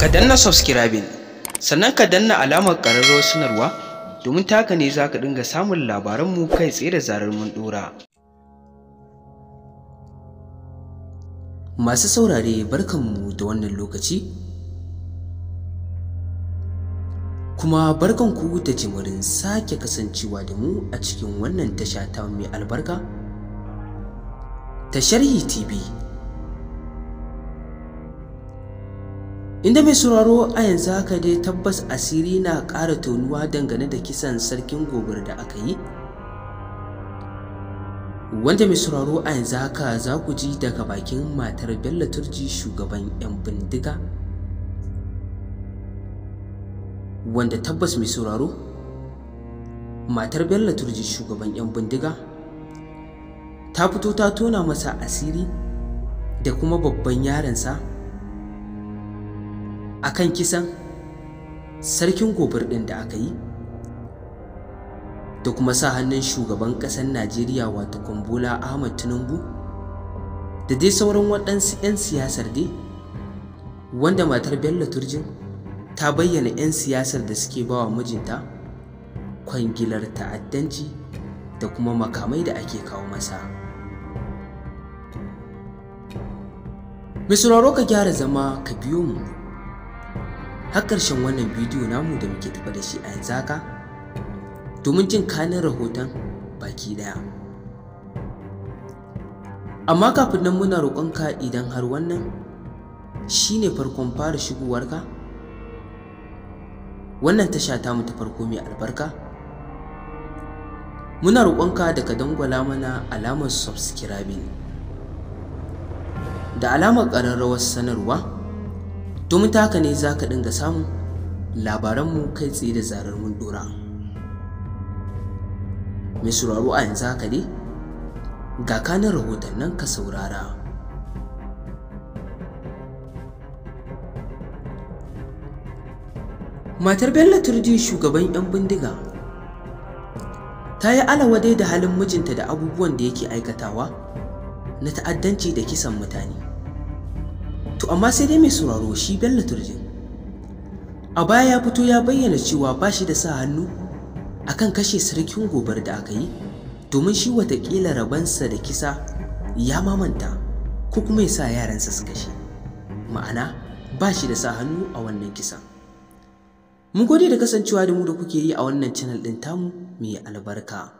ka danna subscribing sannan ka danna alamar ƙararrawar sanarwa domin taka ne za ka dinga samun labaranmu kai tsaye da zarar mun dora masu saurare barkanmu da wannan lokaci kuma barkanku da jimurin sake kasancewa da mu a cikin wannan tasha ta mai albarka ta sharhi tv inda mai sauraro a yanzu haka dai tabbas asiri na ƙara tonuwa dangane da kisan sarkin gobir da aka yi wanda mai sauraro a yanzu haka za ku ji daga bakin matar bello turji shugaban 'yan bindiga wanda tabbas mai sauraro matar bello turji shugaban 'yan bindiga ta fito ta tona masa asiri da kuma babban yaransa akan kisan sarkin gobir ɗin da aka yi da kuma sa hannun shugaban ƙasar najeriya wato kwambola ahmad tinubu da dai sauran waɗansu 'yan siyasar dai wanda matar bello turjin ta bayyana 'yan siyasar da suke bawa mijinta kwangilar ta'addanci da kuma makamai da ake kawo masa mai ka gyara zama ka biyo mu har ƙarshen wannan bidiyo namu da muke tafa da shi a yanzu haka domin jin kanin rahoton baki daya amma kafin nan muna roƙonka idan har wannan shine farkon fara shigowarka wannan tasha mu ta farko mai albarka muna roƙonka da ka dangwala mana alamar subscribing da alamar ƙararrawar sanarwa domin ta ne za ka dinga samun labaranmu kai tsaye da zarar mun dora mai sauraro a yanzu haka dai ga kanin rahoton nan ka saurara matar bello Turdi shugaban 'yan bindiga ta yi alawadai da halin mijinta da abubuwan da yake aikatawa na ta'addanci da kisan mutane to amma sai dai mai sauraro shi bello turjin a baya ya fito ya bayyana cewa ba shi da sa hannu akan kashe sarkin gobar da aka yi domin shi watakila rabansa da kisa ya mamanta ko kuma ya sa yaransa su kashe ma'ana ba shi da sa hannu a wannan kisa mun gode da kasancewa da mu da kuke yi a wannan channel ɗin tamu mai albarka